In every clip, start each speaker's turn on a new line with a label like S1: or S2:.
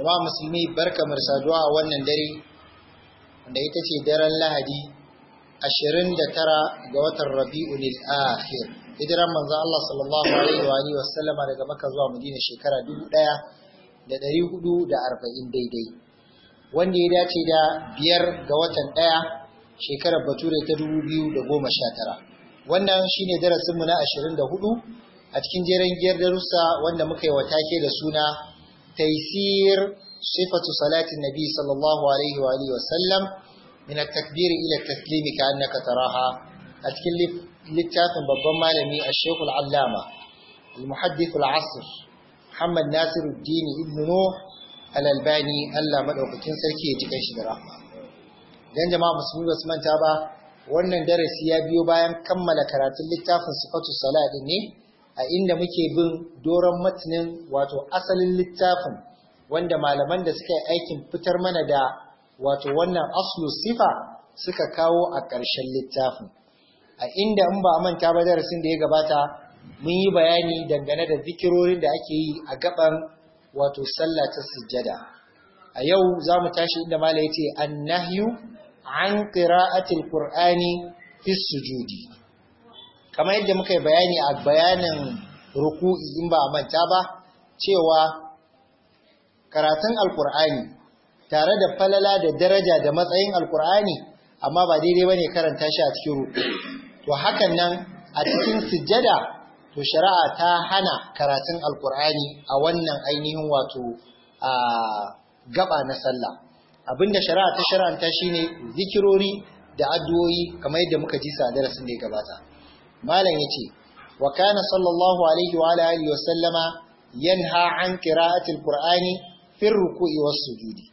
S1: jama'a musulmi barka saduwa a wannan dare wanda ita ce daren lahadi 29 ga watan al akhir hijiran manzo Allah sallallahu alaihi wa alihi wasallama daga Makka zuwa Madina shekara 1440 daidai wanda ya dace da biyar ga watan ɗaya shekarar bature ta 2019 wannan shine darasinmu na 24 a cikin jeren giyar darussa wanda muka yi wa take da suna تيسير صفة صلاة النبي صلى الله عليه وآله وسلم من التكبير إلى التسليم كأنك تراها أتكلف للتاف بابا مالمي الشيخ العلامة المحدث العصر محمد ناصر الدين ابن نوح الألباني ألا مدعوكتين سركي يجيكيش برحمة dan jama'a musulmi ba su manta ba wannan darasi ya biyo bayan kammala karatun littafin sifatu salat ne a inda muke bin doron matinin wato asalin littafin wanda malaman da suka yi aikin fitar mana da wato wannan aslu sifa suka kawo a ƙarshen littafin a inda in ba a manta ba darasin da ya gabata mun yi bayani dangane da zikirorin da ake yi a gaban wato sallah ta sujjada a yau za mu tashi inda mala yace annahyu an ƙira'atul ƙur'ani fi sujudi kamar yadda muka yi bayani a bayanin ruku'i in ba a manta ba cewa karatun alkur'ani tare da falala da daraja da matsayin alkur'ani amma ba daidai ba ne karanta shi a cikin ruku to hakan nan a cikin sujjada to shari'a ta hana karatun alkur'ani a wannan ainihin wato a gaba na sallah abinda shari'a ta shari'anta shine zikirori da addu'o'i kamar yadda muka ji sa darasin da ya gabata malam yace wa kana sallallahu alaihi wa alihi wa sallama yanha an qira'ati alqur'ani fi ruku'i was sujudi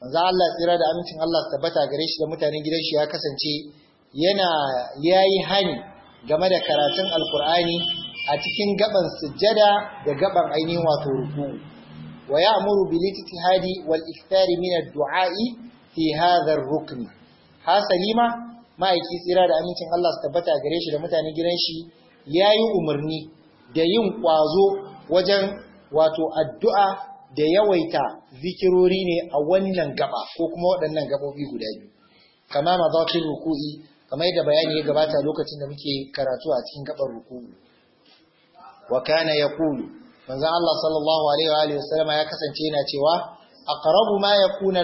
S1: manzo Allah tsira da amincin Allah tabbata gare shi da mutanen gidan shi ya kasance yana yayi hani game da karatun alqur'ani a cikin gaban sujjada da gaban ainihin wato ruku'u wa ya'muru bil ittihadi wal iftari min ad-du'a'i fi hadha ar-rukn hasalima ma'aiki tsira da amincin Allah su tabbata gare shi da mutane gidan shi ya yi umarni da yin ƙwazo wajen wato addu'a da yawaita zikirori ne a wannan gaba ko kuma waɗannan gabobi guda biyu kama mazakin ruku'i kamar yadda bayani ya gabata lokacin da muke karatu a cikin gabar ruku'u wa kana yaqulu Allah sallallahu alaihi wa ya kasance yana cewa aqrabu ma ya kuna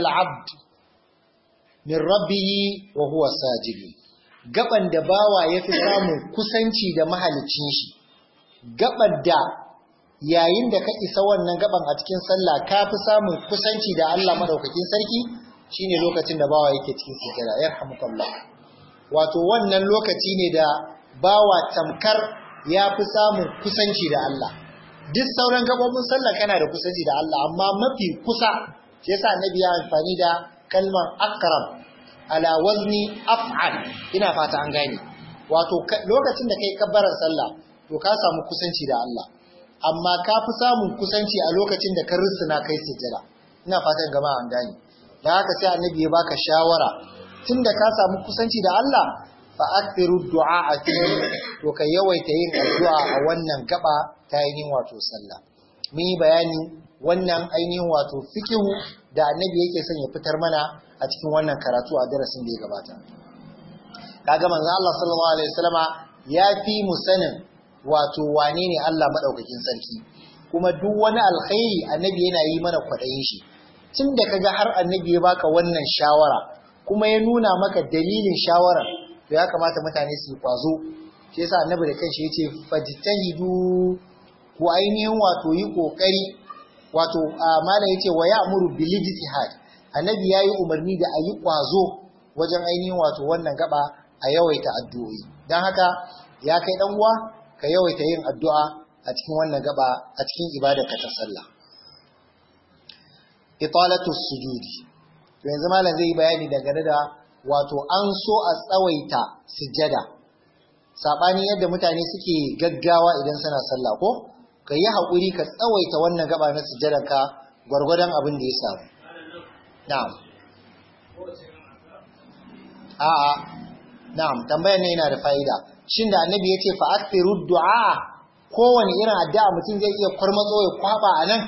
S1: min rabbihi wa huwa sajidi gaban da bawa yafi samun kusanci da mahalicin shi gaban da yayin da ka isa wannan gaban a cikin sallah ka fi samun kusanci da Allah madaukakin sarki shine lokacin da bawa yake cikin sujjada yarhamukallah wato wannan lokaci ne da bawa tamkar ya fi samun kusanci da Allah duk sauran gabobin sallah kana da kusanci da Allah amma mafi kusa shi yasa annabi ya amfani da kalmar akram ala wazni af'al ina fata an gane wato lokacin da kai kabbaran sallah to ka samu kusanci da Allah amma ka fi samun kusanci a lokacin da ka rusuna kai sujjada ina fatan gama an gane da haka sai annabi ya baka shawara tunda ka samu kusanci da Allah fa akthiru du'a to ka yawaita yin addu'a a wannan gaba ta yin wato sallah mun yi bayani wannan ainihin wato fikihu da annabi yake son ya fitar mana a cikin wannan karatu a darasin da ya gabata kaga manzo Allah sallallahu alaihi wasallama ya fi mu sanin wato wane ne Allah madaukakin sarki kuma duk wani alkhairi annabi yana yi mana kwaɗayin shi tun da kaga har annabi ya baka wannan shawara kuma ya nuna maka dalilin shawara to ya kamata mutane su kwazo shi yasa annabi da kanshi yace fajtahidu ku ainihin wato yi kokari wato mana yake wa ya'muru bil ijtihad annabi yayi umarni da ayi kwazo wajen ainihin wato wannan gaba a yawaita addu'o'i dan haka ya kai dan uwa ka yawaita yin addu'a a cikin wannan gaba a cikin ka ta sallah italatu sujudi to yanzu malam zai yi bayani daga da wato an so a tsawaita sujada sabani yadda mutane suke gaggawa idan suna sallah ko ka yi haƙuri ka tsawaita wannan gaba na sujjadanka gwargwadon abin da ya samu na'am a'a na'am tambayar yana da fa'ida shin da annabi ya ce fa'aktiru du'a kowane irin addu'a mutum zai iya kwarmatso ya kwaba a nan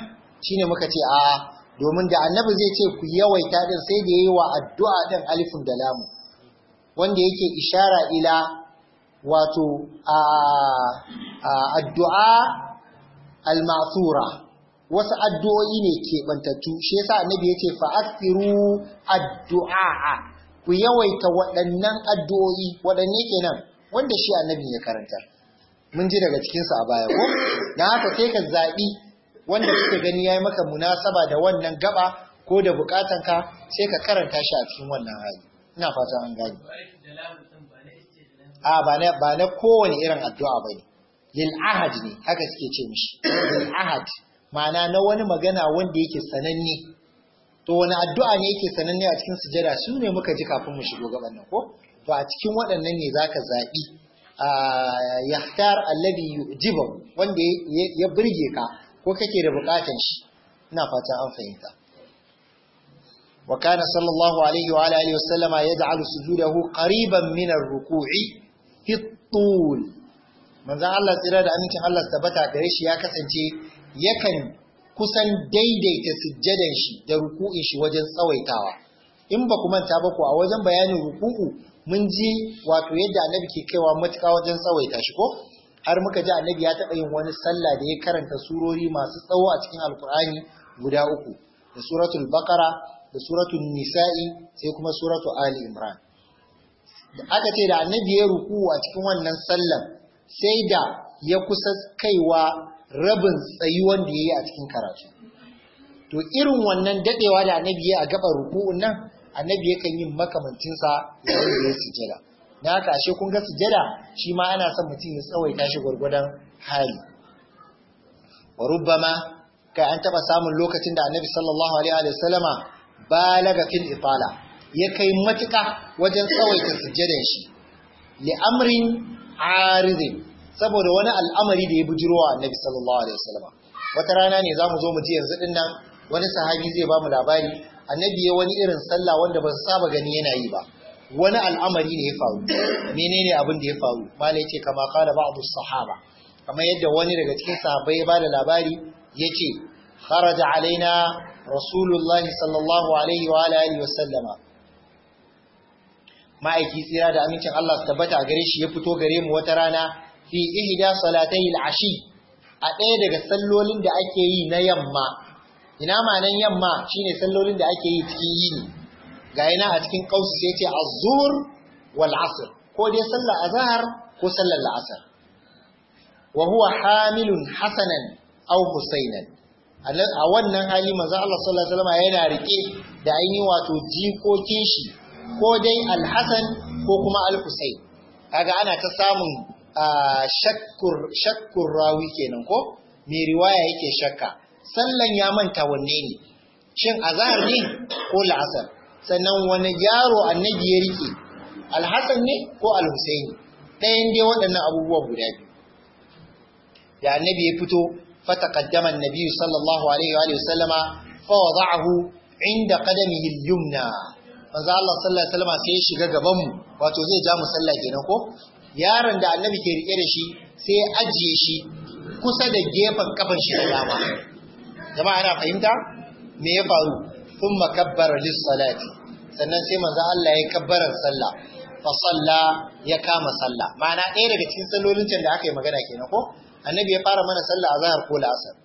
S1: shine muka ce a'a domin da annabi zai ce ku yawaita din sai da yi wa addu'a ɗin alifun da lamu wanda yake ishara ila wato a addu'a al-ma'thura wasu addu'o'i ne ke bantattu shi yasa annabi yace fa'athiru addu'a ku yawaita waɗannan addu'o'i waɗanne kenan wanda shi annabi ya karanta mun ji daga cikin sa a baya ko dan haka sai ka zabi wanda kake gani yayi maka munasaba da wannan gaba ko da ka sai ka karanta shi a cikin wannan hali ina fata an gani a ba na kowane irin addu'a bane Lil'ahad ne haka suke ce mishi lil ahad ma'ana na wani magana wanda yake sananne to wani addu'a ne yake sananne a cikin sujada su ne muka ji kafin mu shigo gaban nan ko to a cikin waɗannan ne zaka zaɓi yahtar alladhi yu'jibu wanda ya burge ka ko kake da bukatan shi ina fata an fahimta wa kana sallallahu alaihi wa alihi wa yaj'alu sujudahu qariban min ar-ruku'i fi manzan Allah tsira da amincin Allah tabbata gare shi ya kasance yakan kusan daidaita sujjadan shi da ruku'in shi wajen tsawaitawa in ba ku manta ba ku a wajen bayanin ruku'u mun ji wato yadda annabi ke kaiwa matuƙa wajen tsawaita shi ko har muka ji annabi ya taɓa yin wani sallah da ya karanta surori masu tsawo a cikin alkur'ani guda uku da suratul bakara da suratul nisa'i sai kuma suratul ali imran da aka ce da annabi ya ruku a cikin wannan sallan sai da ya kusa kaiwa rabin tsayuwan da ya yi a cikin karatu to irin wannan dadewa da annabi ya a gaba ruku'un nan annabi kan yi makamancinsa yayin da ya sujada na haka ashe kun ga sujada shi ma ana son mutum ya tsawaita shi gwargwadon hali wa rubbama kai an taba samun lokacin da annabi sallallahu alaihi wa sallama balaga fil ifala ya kai matuka wajen tsawaita sujadan shi li aridin saboda wani al'amari da ya bujirowa annabi sallallahu alaihi wasallam wata rana ne zamu zo mu ji yanzu din nan wani sahabi zai ba mu labari annabi ya wani irin sallah wanda ban saba gani yana yi ba wani al'amari ne ya faru menene abin da ya faru mala yace kama qala ba'du sahaba kamar yadda wani daga cikin sahabbai ya bada labari yace kharaja alaina rasulullahi sallallahu alaihi wa alihi wa ma'aiki tsira da amincin Allah su tabbata gare shi ya fito gare mu wata rana fi ihda salatai al-ashi a ɗaya daga sallolin da ake yi na yamma ina ma'anan yamma shine sallolin da ake yi cikin yini ga yana a cikin kausu sai ce az-zuhr wal asr ko dai sallar azhar ko sallar la'asar wa huwa hamilun hasanan aw husainan a wannan hali manzo Allah sallallahu alaihi wasallam yana rike da ainihin wato jikokin shi ko dai alhassan ko kuma alhussein kaga ana ta samun shakkur rawi kenan ko mai riwaya yake shakka sallan ya manta wanne ne shin azhar ne ko la'asar sannan wani yaro annabi ya rike alhassan ne ko alhussein ɗayan dai waɗannan abubuwa guda biyu da annabi ya fito sallallahu alaihi wa الله a fa wada'ahu inda qadamihi al-yumna manzo Allah sallallahu alaihi wasallam sai ya shiga gaban mu wato zai ja mu sallah kenan ko yaron da annabi ke rike da shi sai ya ajiye shi kusa da gefen kafan shi da dama jama'a ana fahimta me ya faru kun makabbara lis salati sannan sai manzo Allah ya kabbara sallah fa salla ya kama sallah ma'ana ɗaya daga cikin sallolin can da aka yi magana kenan ko annabi ya fara mana sallah zahar ko la'asar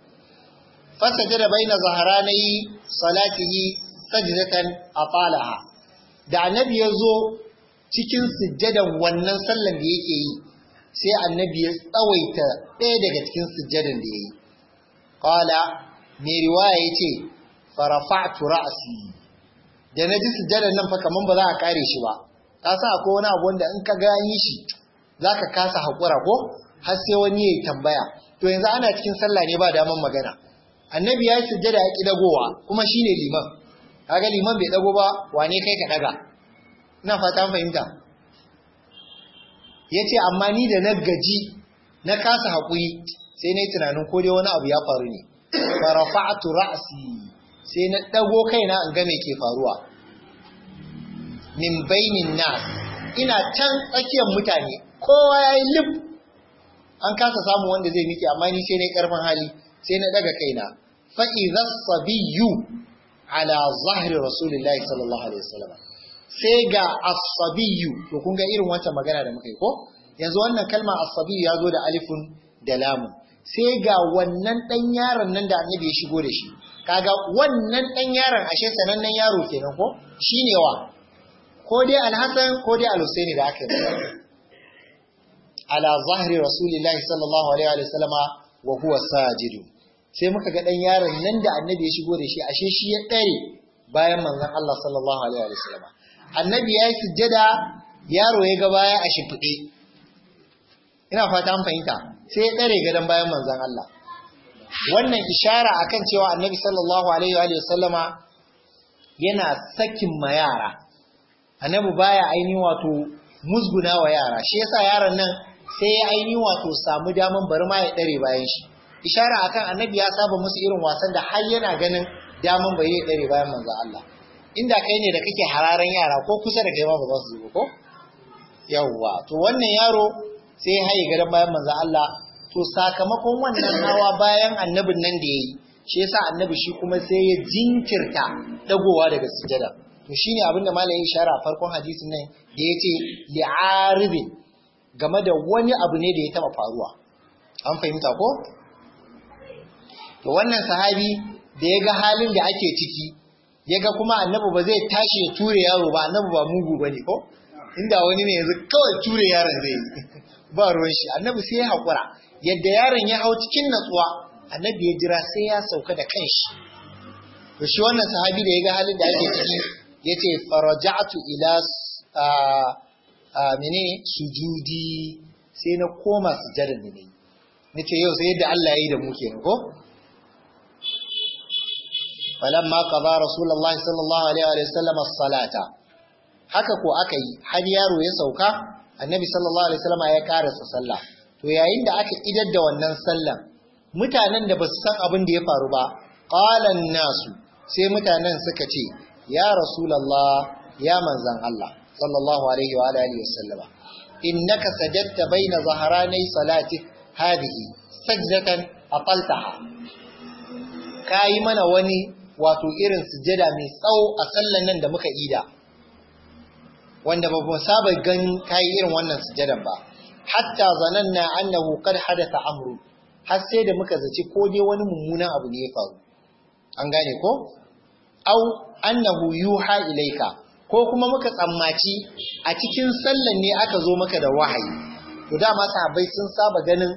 S1: fasajada baina zaharanayi salatihi sajdatan atalaha da annabi ya zo cikin sujjadan wannan sallan da yake yi sai annabi ya tsawaita ɗaya daga cikin sujjadan da ya yi ƙwala mai riwaya ya ce farafa'tu ra'asi da na ji sujjadan nan fa kamar ba za a kare shi ba ka sa akwai wani abu wanda in ka gani shi za ka kasa haƙura ko har sai wani ya tambaya to yanzu ana cikin sallah ne ba daman magana annabi ya yi sujjada ya ƙi dagowa kuma shine liman kaga liman bai dago ba wane kai ka daga ina fata fahimta yace amma ni da na gaji na kasa hakuri sai nayi tunanin ko dai wani abu ya faru ne fa rafa'tu ra'si sai na dago kaina in ga me ke faruwa min bainin nas ina can tsakiyar mutane kowa yayi lib an kasa samu wanda zai miki amma ni sai nayi karfin hali sai na daga kaina fa idhas sabiyyu ala zahri rasulillahi sallallahu alaihi wasallam sai ga asabiyu to kun ga irin wata magana da muka yi ko yanzu wannan kalma asabiyu ya zo da alifun da lamun sai ga wannan dan yaron nan da annabi ya shigo da shi kaga wannan dan yaron ashe sanannen yaro kenan ko shine wa ko dai alhasan ko dai alhusaini da aka yi ala zahri rasulillahi sallallahu alaihi wasallam wa huwa sajidun sai muka ga ɗan yaron nan da annabi ya shigo da shi ashe shi ya ɗare bayan manzon Allah sallallahu alaihi wa sallam annabi ya sujjada yaro ya ga baya a shimfiɗe ina fata an fahimta sai ya ɗare gadon bayan manzon Allah wannan ishara akan cewa annabi sallallahu alaihi wa sallama yana sakin ma yara annabi baya aini wato musguna wa yara shi yasa yaron nan sai ya ainihi wato samu daman bari ma ya ɗare bayan shi ishara akan annabi ya saba musu irin wasan da har yana ganin daman bai yi dare bayan manzo Allah inda kai ne da kake hararan yara ko kusa da kai ma ba za su zo ko yawwa to wannan yaro sai ya haye garin bayan manzo Allah to sakamakon wannan hawa bayan annabin nan da yayi shi yasa annabi shi kuma sai ya jinkirta dagowa daga sujada to shine abin da malamin ishara a farkon hadisin nan da yace li'aribin game da wani abu ne da ya taba faruwa an fahimta ko to wannan sahabi da ya ga halin da ake ciki ya ga kuma annabu ba zai tashi ya ture yaro ba annabu ba mugu ba ne ko inda wani ne yanzu kawai ture yaron zai yi ba ruwan shi annabu sai ya haƙura yadda yaron ya hau cikin natsuwa annabu ya jira sai ya sauka da kanshi to shi wannan sahabi da ya ga halin da ake ciki ya ce faraja'atu ila menene sujudi sai na koma sujadar da ne ce yau sai yadda Allah ya yi da muke kenan ko falamma qada rasulullahi sallallahu alaihi wa haka ko aka yi har yaro ya sauka annabi sallallahu alaihi wasallam ya karasa sallah to yayin da aka idar da wannan sallan mutanen da basu san abin da ya faru ba qalan nasu sai mutanen suka ce ya rasulullah ya manzan Allah sallallahu alaihi wa alihi wasallama innaka sajadta baina zaharani a hadhihi sajdatan aqaltaha kai mana wani wato irin sujada mai tsawo a sallan nan da muka ida wanda ba mu saba gan kai irin wannan sujadan ba hatta zananna annahu qad hadatha amru har sai da muka zaci ko dai wani mummunan abu ne ya faru an gane ko au annahu yuha ilaika ko kuma muka tsammaci a cikin sallan ne aka zo maka da wahayi to dama sahabbai sun saba ganin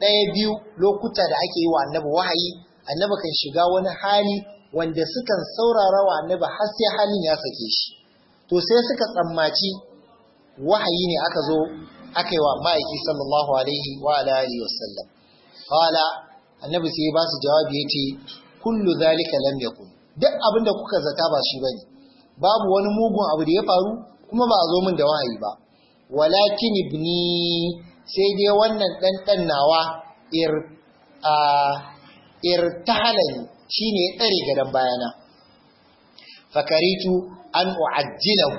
S1: ɗaya biyu lokuta da ake yi wa annabi wahayi annabi kan shiga wani hali wanda sukan saurara wa annabi har sai halin ya sake shi to sai suka tsammaci wahayi ne aka zo aka yi wa ma'aiki sallallahu alaihi wa alihi wasallam qala annabi sai ba su jawabi yace kullu zalika lam yakun duk abin da kuka zata ba shi bane babu wani mugun abu da ya faru kuma ba a zo min da wahayi ba walakin ibni sai dai wannan dan dan nawa ir a irtahalani shine ya tsare gadon bayana fakaritu an u'ajjilahu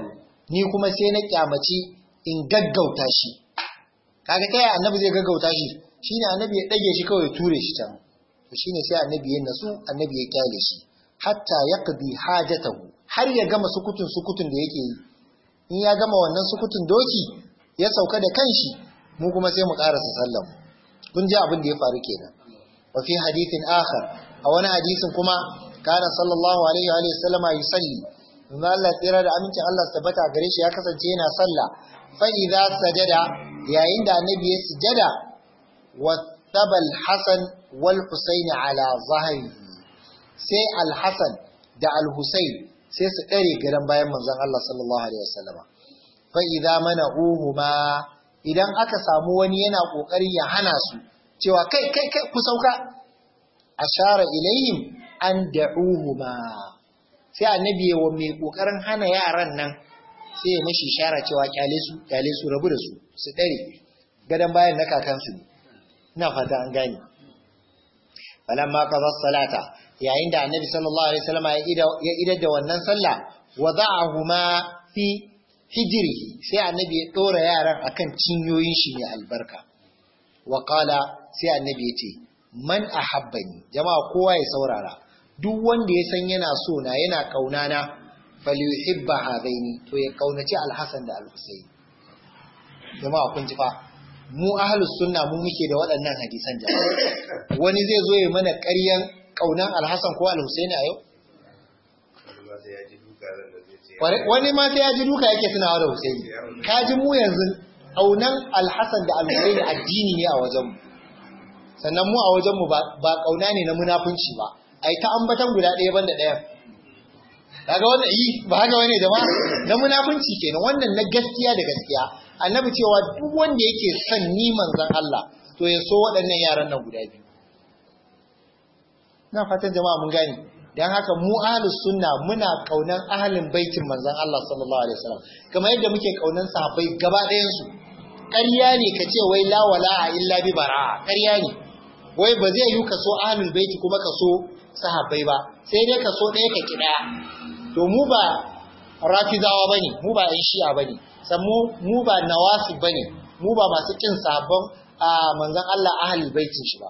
S1: ni kuma sai na kyamaci in gaggauta shi kaga kai annabi zai gaggauta shi shine annabi ya dage shi kawai ture shi can to shine sai annabi ya nasu annabi ya kyale shi hatta yaqdi hajatahu har ya gama sukutun sukutun da yake yi in ya gama wannan sukutun doki ya sauka da kanshi mu kuma sai mu karasa sallam. kun ji abin da ya faru kenan wa fi hadithin akhar a wani hadisin kuma kana sallallahu alaihi wa sallama yusalli manzo Allah tsira da amincin Allah tabbata gare shi ya kasance yana sallah fa idza sajada yayin da annabi ya sujada wa tabal hasan wal husain ala zahri sai al hasan da al husain sai su dare garan bayan manzon Allah sallallahu alaihi wa sallama fa idza mana'uhuma idan aka samu wani yana kokari ya hana su cewa kai kai kai ku sauka ashara ilayhim an da'uhuma sai annabi ya wa mai kokarin hana yaran nan sai ya mashi ishara cewa kyale su kyale su rabu da su su dare gadan bayan na kakansu ne ina fata an gane falamma qada salata yayin da annabi sallallahu alaihi wasallam ya ida da wannan sallah wada'ahuma fi hijrihi sai annabi ya dora yaran akan cinyoyin shi ne albarka wa qala sai annabi ya ce man a habbani jama'a kowa ya saurara duk wanda ya san yana so na yana kauna na a zaini to ya kaunaci Alhassan da Alhussein. jama'a kun ji fa mu ahlus sunna mu muke da waɗannan hadisan jama'a wani zai zo ya mana ƙaryan kaunan Alhassan ko alhusaini a yau wani ma sai ya ji duka yake tunawa da Hussein? ka ji mu yanzu kaunan Alhassan da alhusaini addini ne a wajenmu sannan mu a wajen mu ba kauna ne na munafunci ba a yi ta ambatan guda ɗaya banda ɗayan daga wanda yi ba haka da jama'a na munafunci kenan wannan na gaskiya da gaskiya annabi cewa duk wanda yake son ni manzon Allah to ya so waɗannan yaran nan guda biyu na fatan jama'a mun gane dan haka mu ahlus sunna muna kaunan ahlin baitin manzon Allah sallallahu alaihi wasallam kamar yadda muke kaunan sahabbai gaba ɗayan su ƙarya ne ka ce wai la wala illa bi bara'a ƙarya ne wai ba zai yi kaso ahlul baiti kuma kaso sahabbai ba sai dai kaso ɗaya ka ki ɗaya to mu ba rafizawa bane mu ba yan shi'a bane san mu ba nawasi bane mu ba masu kin sabon a manzon Allah ahlul baitin shi ba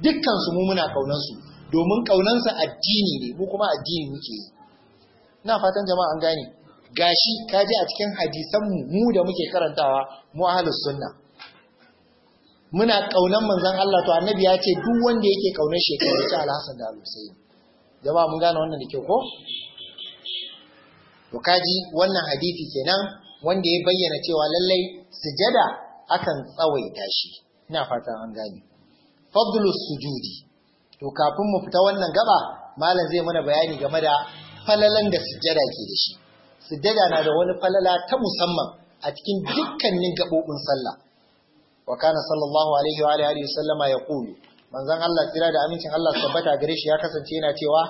S1: dukkan su mu muna kaunan su domin kaunan su addini ne mu kuma addini muke yi ina fatan jama'a an gane gashi kaje a cikin hadisan mu mu da muke karantawa mu ahlus sunna muna kaunan manzan Allah to annabi ya ce duk wanda yake ƙaunar shi ya kaunaci Al-Hasan da Al-Husayn mun gane wannan da kyau ko to kaji wannan hadisi kenan wanda ya bayyana cewa lallai sujada akan tsawaita shi ina fatan an gane fadlu sujudi to kafin mu fita wannan gaba malam zai mana bayani game da falalan da sujada ke da shi sujada na da wani falala ta musamman a cikin dukkanin gabobin sallah wa kana sallallahu alaihi wa alihi wa sallama yaqulu manzon Allah tsira da amincin Allah tabbata gare shi ya kasance yana cewa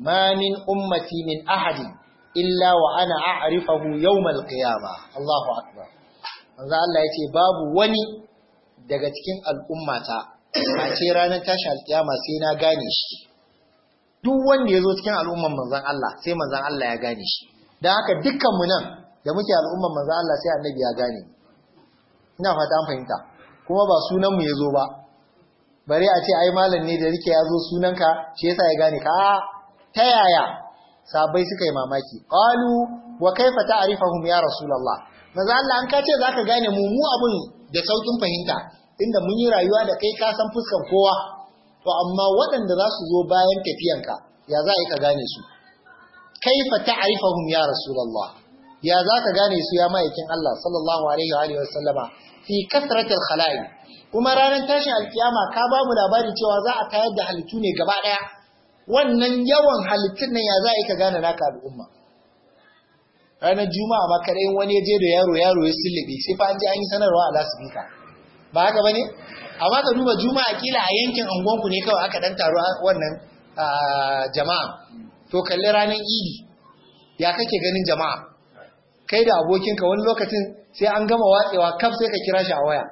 S1: ma min ummati min ahadin illa wa ana a'rifahu yawm al-qiyamah Allahu akbar manzon Allah yace babu wani daga cikin al'ummata a ce ranar tashi alkiyama sai na gane shi duk wanda ya zo cikin al'umman manzon Allah sai manzon Allah ya gane shi don haka dukkanmu nan da muke al'umman manzon Allah sai annabi ya gane ina fata an fahimta kuma ba sunanmu ya zo ba bari a ce ai malam ne da rike ya zo sunanka shi yasa ya gane ka a ta yaya sabai suka yi mamaki qalu wa kaifa ta'rifuhum ya rasulullah Maza Allah an kace zaka gane mu mu abun da saukin fahimta inda mun yi rayuwa da kai ka san fuskan kowa to amma waɗanda za su zo bayan tafiyanka ya za ka gane su kaifa ta'rifuhum ya rasulullah ya za ka gane su ya ma'aikin Allah sallallahu alaihi wa sallama fi kasratil khala'i kuma ranar tashin alkiyama ka ba mu labarin cewa za a tayar da halittu ne gaba daya wannan yawan halittun nan ya za a yi ka gane naka al'umma ranar juma'a ma kadai wani ya je da yaro yaro ya sillube sai fa an je an yi sanarwa a lasifika ba haka bane amma ka duba juma'a kila a yankin anguwanku ne kawai aka dan taro wannan jama'a to kalli ranar idi ya kake ganin jama'a kai da abokinka wani lokacin sai an gama watsewa kaf sai ka kira shi a waya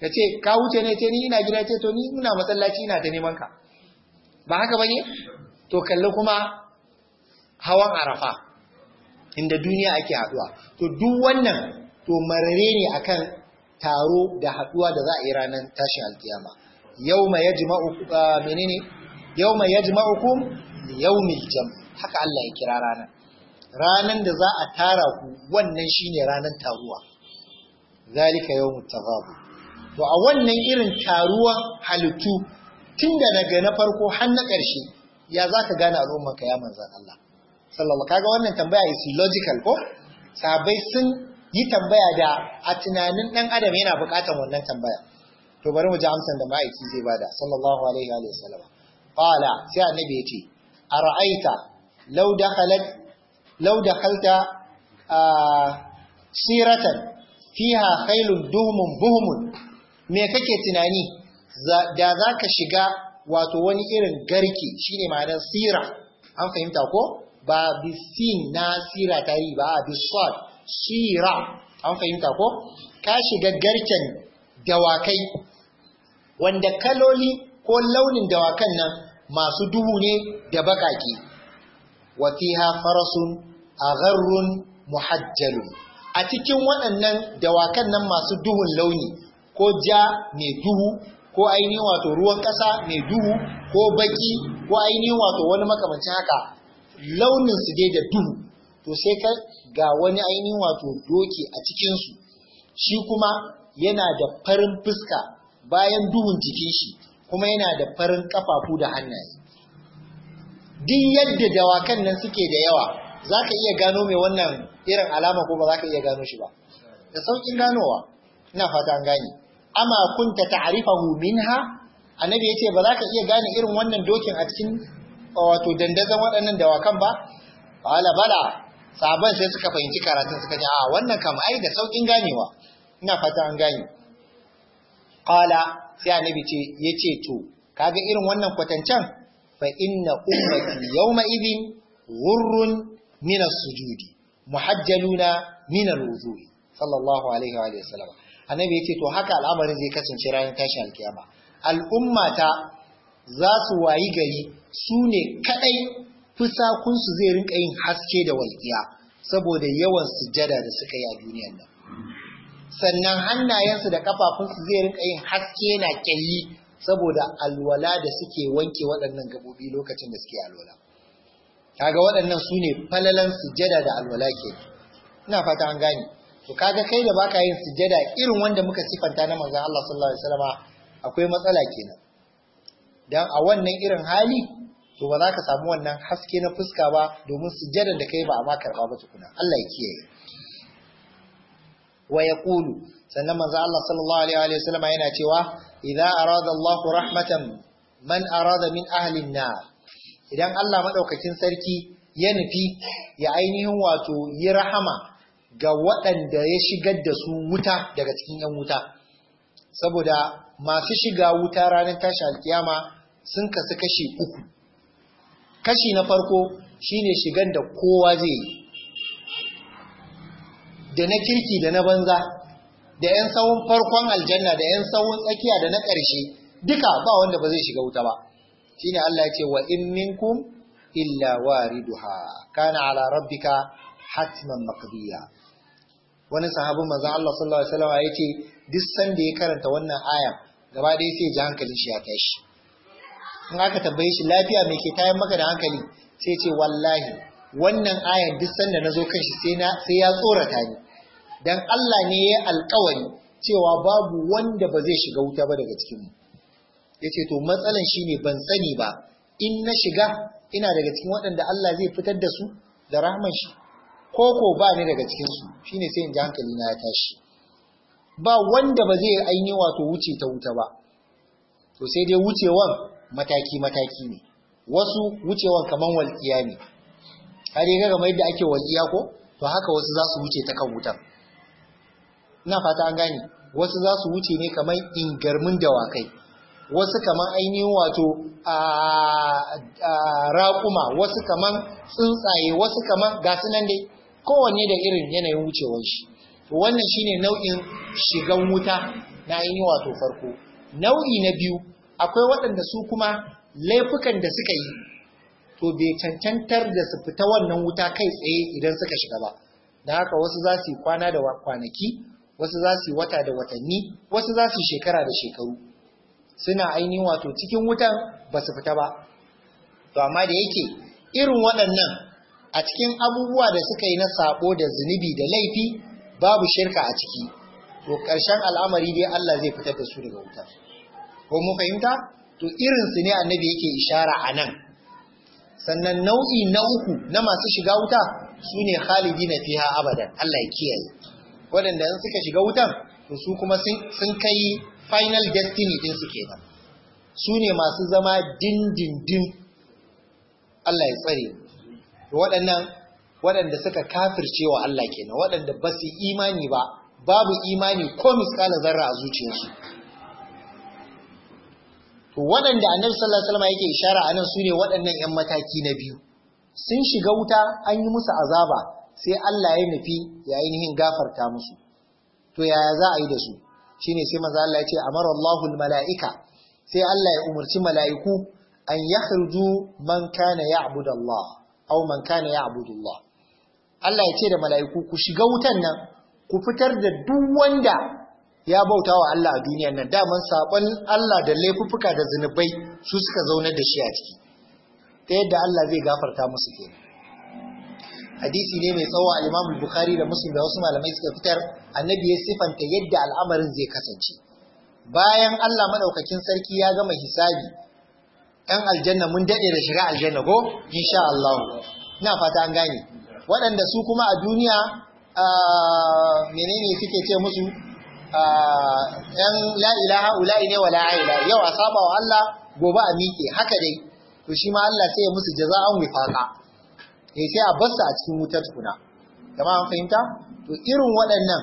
S1: ka ce ka wuce ne ce ni ina gida ce to ni ina masallaci ina ta neman ka ba haka ne to kalli kuma hawan arafa inda duniya ake haduwa to duk wannan to marare ne akan taro da haduwa da za a yi ranar tashin alkiyama yauma yajma'u ah, menene yauma yau yaumil jam haka Allah ya kira ranar ranan da za a tara ku wannan shine ranar taruwa zalika yawmut taghabu to a wannan irin taruwan halittu tun da daga na farko har na ƙarshe ya ka gane al'umman ka ya manzan Allah sallallahu kaga wannan tambaya is logical ko sabai sun yi tambaya da a tunanin ɗan adam yana buƙatar wannan tambaya to bari mu ji amsan da ma'aiki zai bada sallallahu alaihi wa sallam qala sai annabi ya ce ara'aita ra'aita, dakhalat law dakhalta ah, siratan fiha khailun duhumun buhumun me kake tunani da za ka shiga wato wani irin garki shine ma'anar sira an fahimta ko ba bisin na sira ta yi ba bisad sira an fahimta ko ka shiga garken dawakai wanda kaloli ko launin dawakan nan masu duhu ne da bakaki wa fiha farasun agharrun muhajjalun a cikin waɗannan dawakan nan masu duhun launi ko ja mai duhu ko ainihin wato ruwan ƙasa mai duhu ko baki ko ainihin wato wani makamancin haka launin su dai da duhu to sai ka ga wani ainihin wato doki a cikinsu shi kuma yana da farin fuska bayan duhun jikin shi kuma yana da farin kafafu da hannaye duk yadda dawakan nan suke da yawa za ka iya gano mai wannan irin alama ko ba za ka iya gano shi ba da saukin ganowa ina fata an gane amma kunta ta'rifahu minha annabi yace ba za ka iya gane irin wannan dokin a cikin wato dandazon waɗannan dawakan ba bala bala sabon sai suka fahimci karatun suka ce a ah, wannan kam ai da saukin ganewa ina fata an gane qala sai annabi ce yace to kaga irin wannan kwatancan fa inna ummati yawma idin ghurrun min as-sujudi muhajjaluna min al-wudu'i sallallahu alaihi wa sallam annabi yace to haka al'amarin zai kasance ranar tashin alkiyama al'ummata za su wayi gari su ne kadai su zai rinka yin haske da walƙiya saboda yawan sujada da suka yi a duniyar nan sannan hannayensu da kafafunsu zai rinka yin haske na kyalli saboda alwala da suke wanke waɗannan gabobi lokacin da suke alwala kaga waɗannan su ne falalan sujjada da alwala ke ina fata an gane to kaga kai da baka yin sujjada irin wanda muka sifanta na manzon Allah sallallahu alaihi wasallama akwai matsala kenan dan a wannan irin hali to ba za ka samu wannan haske na fuska ba domin sujjada da kai ba a ma karba ba tukuna Allah ya kiyaye wa yaqulu sannan manzon Allah sallallahu alaihi wasallama yana cewa idza arada Allahu rahmatan man arada min ahli an-nar idan Allah maɗaukakin sarki ya nufi ya ainihin wato yi rahama ga waɗanda ya shigar da su wuta daga cikin 'yan wuta saboda masu shiga wuta ranar tashi alkiyama sun kasu kashi uku kashi na farko shine shigan da kowa zai yi da na kirki da na banza da 'yan sawun farkon aljanna da 'yan sawun tsakiya da na ƙarshe duka ba wanda ba zai shiga wuta ba shine Allah ya ce wa in minkum illa wariduha kana ala rabbika hatman maqdiya wani sahabin manzon Allah sallallahu alaihi wasallam ya ce duk sanda ya karanta wannan aya gaba da sai ji hankalin shi ya tashi in aka tambaye shi lafiya mai ke tayar maka da hankali sai ce wallahi wannan ayan duk sanda nazo kan shi sai na sai ya tsorata ni dan Allah ne ya alƙawari cewa babu wanda ba zai shiga wuta ba daga cikin mu ya ce to matsalan shi ne ban sani ba in na shiga ina daga cikin waɗanda Allah zai fitar da su da rahman shi ko ko ba ni daga cikinsu shi ne sai in ji hankali na ya tashi ba wanda ba zai ainihin wato wuce ta wuta ba to sai dai wucewan mataki-mataki ne wasu wucewan kaman walƙiya ne har yi gama yadda ake walƙiya ko to haka wasu za su wuce ta kan wutan ina fata an gane wasu za su wuce ne kamar ingarmin dawakai wasu kaman ainihin wato raƙuma wasu kaman tsuntsaye wasu kaman gasu nan dai kowanne da irin yanayin wucewar shi wannan shine nau'in shigan wuta na ainihin wato farko nau'i na biyu akwai waɗanda su kuma laifukan da suka yi to bai cancantar da su fita wannan wuta kai tsaye idan suka shiga ba da haka wasu za su yi kwana da kwanaki wasu za su yi wata da watanni wasu za su yi shekara da shekaru suna ainihin wato cikin wutan ba su fita ba to amma da yake irin waɗannan a cikin abubuwa da suka yi na saɓo da zunubi da laifi babu shirka a ciki to ƙarshen al'amari dai Allah zai fitar da su daga wutar ko mu fahimta to irin su ne annabi yake ishara a nan sannan nau'i na uku na masu shiga wuta su ne khalidi na fiha abadan Allah ya kiyaye waɗanda suka shiga wutan to su kuma sun kai final destiny din su kenan su ne masu zama dindindin Allah ya tsare waɗannan waɗanda suka kafirce wa Allah kenan waɗanda ba su imani ba babu imani ko miskala zarra a zuciyarsu to waɗanda annabi sallallahu alaihi wasallam yake ishara anan su ne waɗannan ƴan mataki na biyu sun shiga wuta an yi musu azaba sai Allah ya nufi ya ainihin gafarta musu to yaya za a yi da su shine sai manzo Allah ya ce amara Allahu malaika sai Allah ya umarci mala'iku an yakhruju man kana ya'budu Allah aw man kana ya'budu Allah Allah ya ce da mala'iku ku shiga wutan nan ku fitar da duk wanda ya bauta wa Allah a duniyar nan daman sabon Allah da laifuka da zunubai su suka zauna da shi a ciki ta yadda Allah zai gafarta musu kenan hadisi ne mai tsawo a imamul Bukhari da Muslim da wasu malamai suka fitar annabi ya sifanta yadda al'amarin zai kasance bayan Allah madaukakin sarki ya gama hisabi ɗan aljanna mun daɗe da shiga aljanna ko insha Allah ina fata an gane waɗanda su kuma a duniya menene suke ce musu ‘yan la'ilaha ula'i ne wa la'aila yau a saba wa Allah gobe a miƙe haka dai to shi ma Allah sai ya musu jaza'an wifaka eh sai a bar a cikin wutar tukuna jama'a an fahimta to irin waɗannan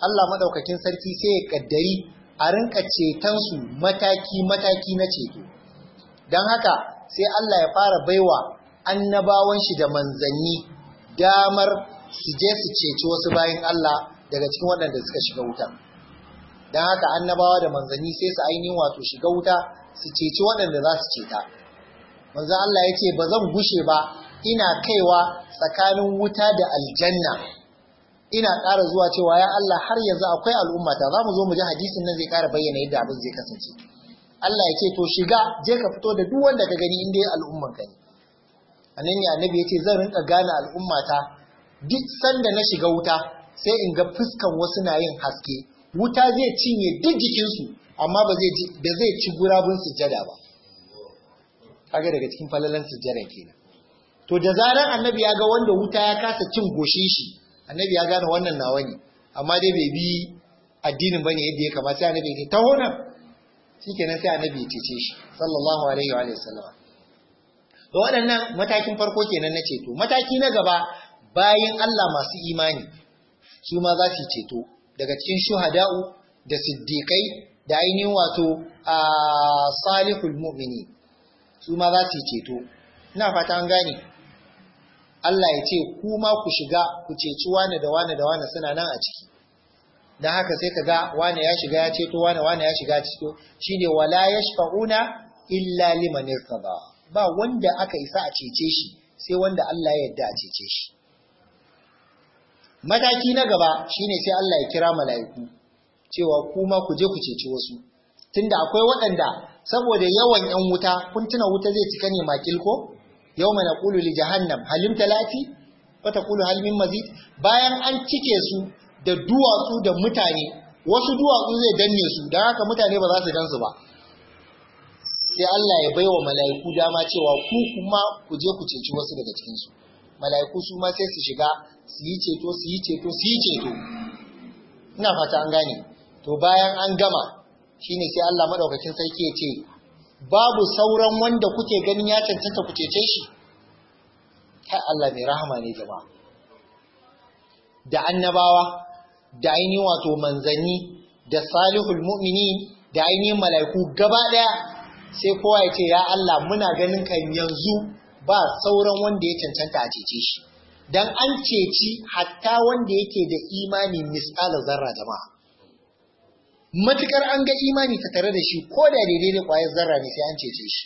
S1: Allah madaukakin sarki sai ya kaddari a rinka ceton su mataki mataki na ceto dan haka sai Allah ya fara baiwa annabawan shi da manzanni damar su je su ceci wasu bayan Allah daga cikin waɗanda suka shiga wuta dan haka annabawa da manzanni sai su ainihin wato shiga wuta su ceci waɗanda za su ceta manzo Allah ya ce ba zan gushe ba ina kaiwa tsakanin wuta da aljanna ina ƙara zuwa cewa ya Allah har yanzu akwai al'ummata za mu zo mu ji hadisin nan zai ƙara bayyana yadda abin zai kasance Allah ya ce to shiga je ka fito da duk wanda ka gani inda ya al'umman ka ne anan ne annabi ya ce zan rinka gane al'ummata duk sanda na shiga wuta sai in ga fuskan wasu na yin haske wuta zai cinye duk jikinsu amma ba zai ci gurabun sujjada ba kaga daga cikin falalan sujjada kenan to da zarar annabi ya ga wanda wuta ya kasa cin goshishi, shi annabi ya gane wannan nawa ne amma dai bai bi addinin bane yadda ya kamata sai annabi ya taho nan sai annabi ya cece shi sallallahu alaihi wa sallama to waɗannan matakin farko kenan na ceto mataki na gaba bayan Allah masu imani su ma za su ceto daga cikin shuhada'u da siddiqai da ainihin wato a salihul mu'mini su ma za su ceto ina fata an gane Allah ya ce ku ma ku shiga ku ceci wane da wane da wane suna nan a ciki dan haka sai kaga wane ya shiga ya ceto wane wane ya shiga ciki shine wala yashfa'una illa liman irtaba ba wanda aka isa a cece shi sai wanda Allah ya yarda a cece shi mataki na gaba shine sai Allah ya kira mala'iku cewa kuma ku je ku ceci wasu tunda akwai waɗanda saboda yawan 'yan wuta kun tuna wuta zai cika ne makil ko yawma naqulu li jahannam halim talati wa taqulu hal min bayan an cike su da duwatsu da mutane wasu duwatsu zai danne su dan haka mutane ba za su gansu ba sai Allah ya baiwa mala'iku dama cewa ku kuma ku je ku ceci wasu daga cikin mala'iku su ma sai su shiga su yi ceto su yi ceto su yi ceto ina fata an gane to bayan an gama shine sai Allah madaukakin sarki ya ce babu sauran wanda kuke ganin ya cancanta ku cece shi kai Allah mai rahama ne jama'a da annabawa da ainihin wato manzanni da salihul mumini da ainihin mala'iku gaba ɗaya sai kowa ya ce ya Allah muna ganin kan yanzu ba sauran wanda ya cancanta a cece shi dan an ceci hatta wanda yake da imani misqala zarra jama'a matukar an ga imani ta tare da shi ko da daidai da kwayar zarra ne sai an cece shi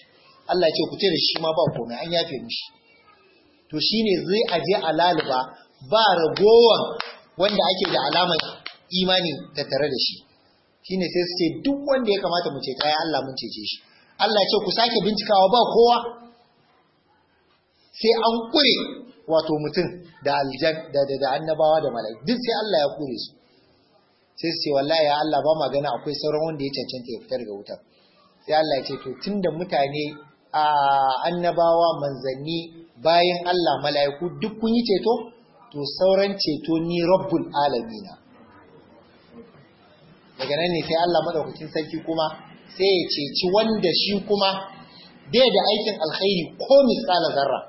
S1: Allah ce ku ce da shi ma ba komai an yafe mishi to shine zai aje a laluba ba ragowan wanda ake da alamar imani ta tare da shi shine sai su ce duk wanda ya kamata mu ceta ya Allah mun cece shi Allah ce ku sake bincikawa ba kowa sai an kure wato mutum da aljan da da annabawa da mala'iku duk sai Allah ya kure su sai su ce wallahi ya Allah ba magana akwai sauran wanda ya cancanta ya fita daga wutar sai Allah ya ce to tunda mutane a annabawa manzanni bayan Allah mala'iku duk kun yi ceto to sauran ceto ni rabbul alamina daga nan ne sai Allah madaukakin sarki kuma sai ya ceci wanda shi kuma bai da aikin alkhairi ko misala zarra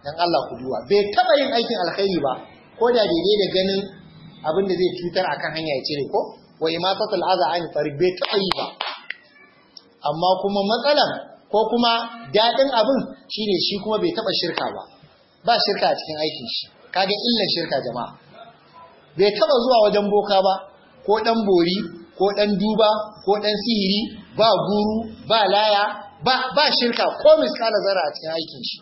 S1: dan Allah ku duwa bai taba yin aikin alkhairi ba ko da daidai da ganin abin da zai cutar akan hanya ya cire ko wa imatatul adha an tariq bai taɓa yi ba amma kuma matsalan ko kuma daɗin abin shine shi kuma bai taɓa shirka ba ba shirka a cikin aikin shi kaga illan shirka jama'a bai taɓa zuwa wajen boka ba ko ɗan bori ko ɗan duba ko ɗan sihiri ba guru ba laya ba shirka ko miskala zara a cikin aikin shi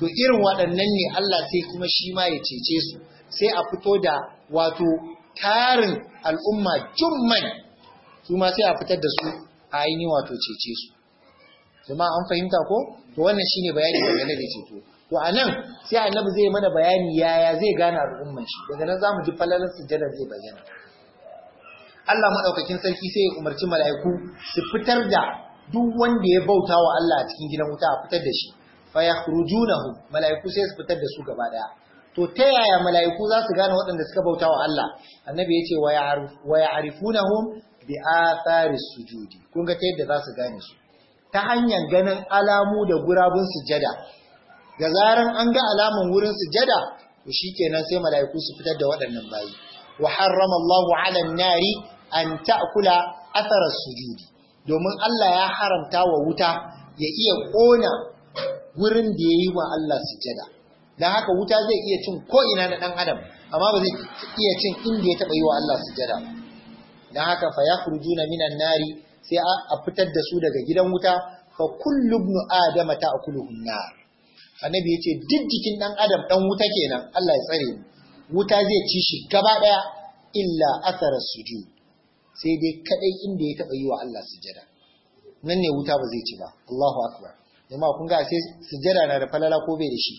S1: to irin waɗannan ne Allah sai kuma shi ma ya cece su sai a fito da wato tarin al'umma jumman su ma sai a fitar da su a yi wato cece su kuma an fahimta ko to wannan shine bayani gane da ceto to anan sai annabi zai mana bayani yaya zai gane al'umman shi daga nan zamu ji falalar sujjada zai bayyana Allah madaukakin sarki sai ya umarci mala'iku su fitar da duk wanda ya bauta wa Allah cikin gidan wuta a fitar da shi fa yakhrujunahu mala'iku sai su fitar da su gaba daya to ta yaya mala'iku za su gane waɗanda suka bauta wa Allah annabi ya ce wa ya'rifunahum bi atharis sujudi kun ga ta yadda za su gane su ta hanyar ganin alamu da gurabun sujada ga zaran an ga alamun wurin sujada to kenan sai mala'iku su fitar da waɗannan bayi wa harrama Allahu 'ala an-nari an ta'kula atharas sujudi domin Allah ya haramta wa wuta ya iya kona wurin da yayi wa Allah sujada dan haka wuta zai iya cin ko ina na dan adam amma ba zai iya cin inda ya taba yi wa Allah sujada dan haka fa yakhrujuna minan nari sai a fitar da su daga gidan wuta fa kullu ibn adama ta'kuluhun nar annabi yace duk jikin dan adam dan wuta kenan Allah ya tsare wuta zai ci shi gaba daya illa athar sujud sai dai kadai inda ya taba yi wa Allah sujada nan ne wuta ba zai ci ba Allahu akbar amma kun ga sai sujada na da falala ko bai da shi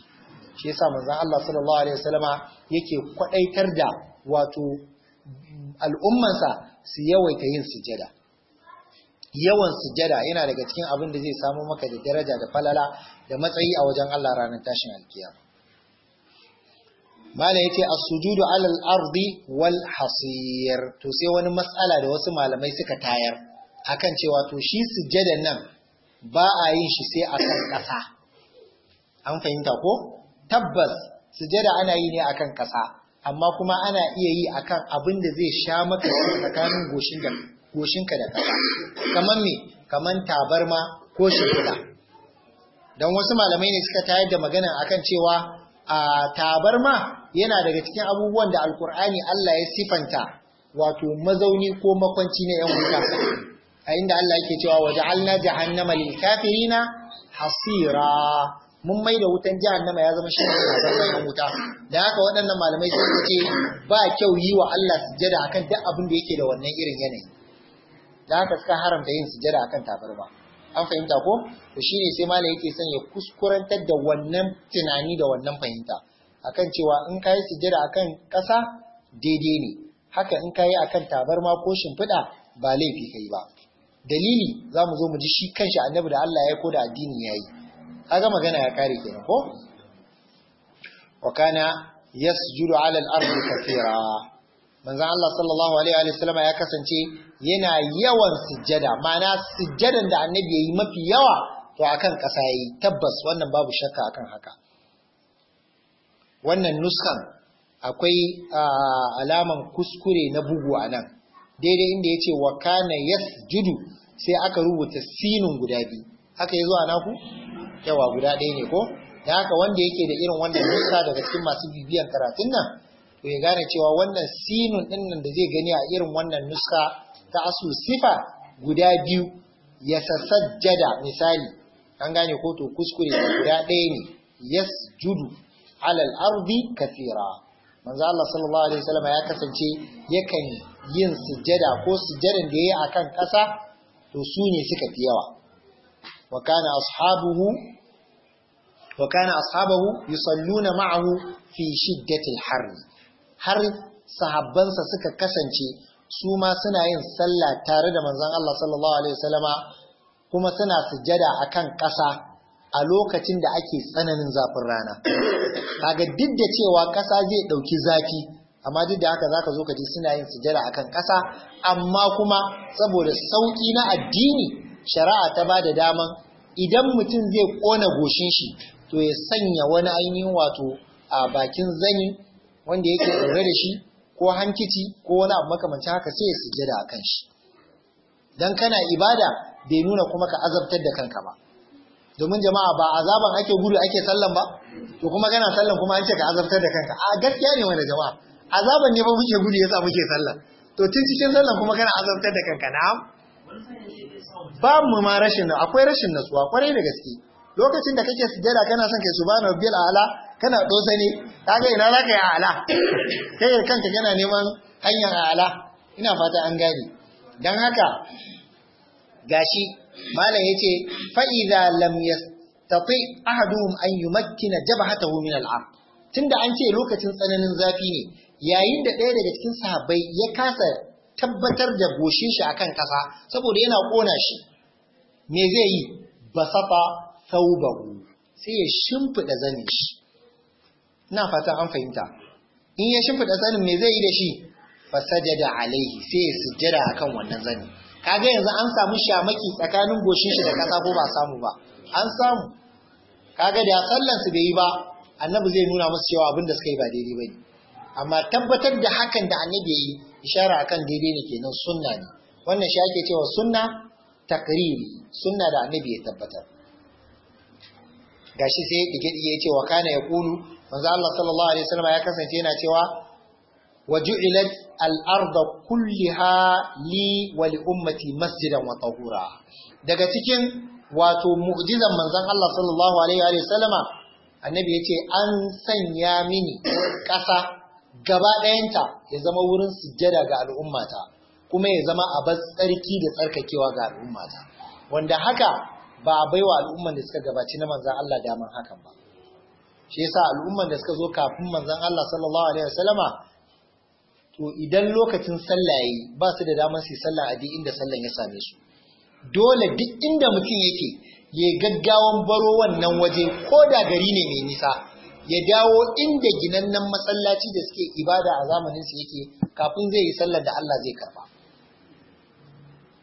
S1: shi yasa manzon Allah sallallahu alaihi wasallama yake kwadaitar da wato al'ummansa su yawaita yin sujada yawan sujada yana daga cikin abin da zai samu maka da daraja da falala da matsayi a wajen Allah ranar tashin alkiyama Malam ya ce a sujudu alal ardi wal hasir to sai wani matsala da wasu malamai suka tayar akan cewa to shi sujjadan nan ba a yin shi sai a kan kasa an fahimta ko tabbas sujada ana yi ne akan ƙasa amma kuma ana iya yi akan abin da zai sha maka tsakanin goshinka da ƙasa kamar me kamar tabarma ko shimfiɗa don wasu malamai ne suka tayar da magana akan cewa a tabarma yana daga cikin abubuwan da alkur'ani Allah ya sifanta wato mazauni ko makwanci na yan wuta a inda Allah yake cewa waje alna jahannama lil kafirina hasira mun mai da wutan Nama ya zama da zama yin wuta da haka waɗannan malamai sun ce ba kyau yi wa Allah sujada akan duk abin da yake da wannan irin yanayi da haka suka haramta yin sujjada akan tabarma an fahimta ko to shine sai malai yake son ya kuskurantar da wannan tunani da wannan fahimta akan cewa in ka yi sujjada akan ƙasa daidai ne haka in ka yi akan tabarma ko shimfiɗa ba laifi kai ba dalili za mu zo mu ji shi kanshi annabi da Allah ya yi ko da addini ya yi kaga magana ya kare kenan ko wa kana yasjudu ala al-ard kathira manzon Allah sallallahu alaihi wa sallam ya kasance yana yawan sujjada ma'ana sujjadan da annabi yayi mafi yawa to akan kasa yayi tabbas wannan babu shakka akan haka wannan nuskan akwai alaman kuskure na bugu anan daidai inda yace wa kana yasjudu sai aka rubuta sinin guda biyu haka yazo a naku yawa guda ɗaya ne ko da haka wanda yake da irin wannan nisa daga cikin masu bibiyar karatun nan to ya gane cewa wannan sinun ɗin nan da zai gani a irin wannan nuska ta asu sifa guda biyu ya sassajjada misali an gane ko to kuskure guda ɗaya ne judu, alal ardi kafira manzo Allah sallallahu alaihi wasallam ya kasance yakan yin sujjada ko sujjadan da yayi akan ƙasa to su ne suka fi yawa وكان kana وكان wa يصلون معه yusalluna ma'ahu الحر shiddatil صحابنسا sahabbansa suka kasance su ma suna yin sallah tare da manzon Allah sallallahu alaihi wasallama kuma suna sujada akan ƙasa a lokacin da ake tsananin zafin rana kaga duk da cewa ƙasa zai ɗauki zafi amma duk da haka zaka zo ka ji suna yin sujada akan ƙasa amma kuma saboda sauƙi na addini shari'a ta ba da daman idan mutum zai ƙona goshin shi to ya sanya wani ainihin wato a bakin zani wanda yake ɗaure da shi ko hankici ko wani abu makamancin haka sai ya sujjada a kan shi dan kana ibada bai nuna kuma ka azabtar da kanka ba domin jama'a ba azaban ake gudu ake sallan ba to kuma kana sallan kuma an ce ka azabtar da kanka a gaskiya ne wanda jama'a azaban ne ba muke gudu yasa muke sallan to tun cikin sallan kuma kana azabtar da kanka na'am ba mu ma rashin nan akwai rashin natsuwa kwarai da gaske lokacin da kake sujada kana son kai subhanahu bil a'la kana dosa ne kaga ina zaka yi a'la kai kanka kana neman hanyar a'la ina fata an gane dan haka gashi malam yace fa idza lam yastati ahaduhum an yumakkina jabhatahu min al-ard tunda an ce lokacin tsananin zafi ne yayin da ɗaya daga cikin sahabbai ya kasa tabbatar da goshin shi akan kasa saboda yana kona shi me zai yi basafa saubahu sai ya shimfida zanin shi ina fata an fahimta in ya shimfiɗa zanin me zai yi da shi fasajada alaihi sai ya sujjada akan wannan zani kaga yanzu an samu shamaki tsakanin goshin shi da kasa ko ba samu ba an samu kaga da sallan su bai yi ba annabi zai nuna musu cewa abin suka yi ba daidai ba bane amma tabbatar da hakan da annabi yi ishara akan daidai ne kenan sunna ne wannan shi ake cewa sunna takriri sunna da annabi ya tabbatar gashi sai dige dige yace wa kana yaqulu manzo Allah sallallahu alaihi wasallam ya kasance yana cewa وجعلت الأرض كلها لي masjidan مسجدا tahura daga cikin wato mu'jizan manzon Allah sallallahu alaihi wa sallama annabi yace an sanya mini ƙasa gaba ɗayanta ya zama wurin sujjada ga al'ummata kuma ya zama abin tsarki da tsarkakewa ga al'ummata wanda haka ba a baiwa al'umman da suka gabaci na manzan Allah daman hakan ba shi yasa al'umman da suka zo kafin manzan Allah sallallahu alaihi wasallama to idan lokacin sallah yayi ba su da damar su sallah a duk inda sallan ya same su dole duk inda mutum yake ya gaggawan baro wannan waje ko da gari ne mai nisa ya dawo inda ginannen masallaci da suke ibada a zamanin su yake kafin zai yi sallar da Allah zai karba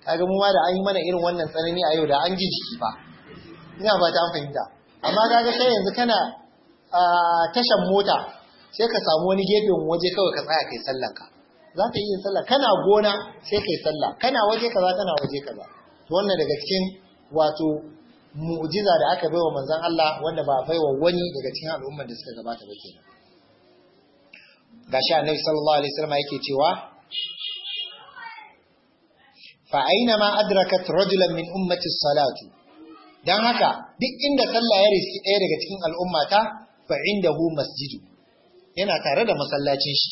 S1: kaga mu ma da an yi mana irin wannan tsanani a yau da an ji jiki ba ina ba ta fahimta amma kaga kai yanzu kana a tashan mota sai ka samu wani gefen waje kawai ka tsaya kai sallar ka za ka yi sallar kana gona sai kai sallah kana waje kaza kana waje kaza to wannan daga cikin wato mu'jiza da aka baiwa manzon Allah wanda ba a baiwa wani daga cikin al'ummar da suka gabata ba kenan gashi annabi sallallahu alaihi wasallam yake cewa fa aina ma adrakat rajulan min ummati salatu dan haka duk inda sallah ya riski ɗaya daga cikin al'ummata fa indahu masjidu yana tare da masallacin shi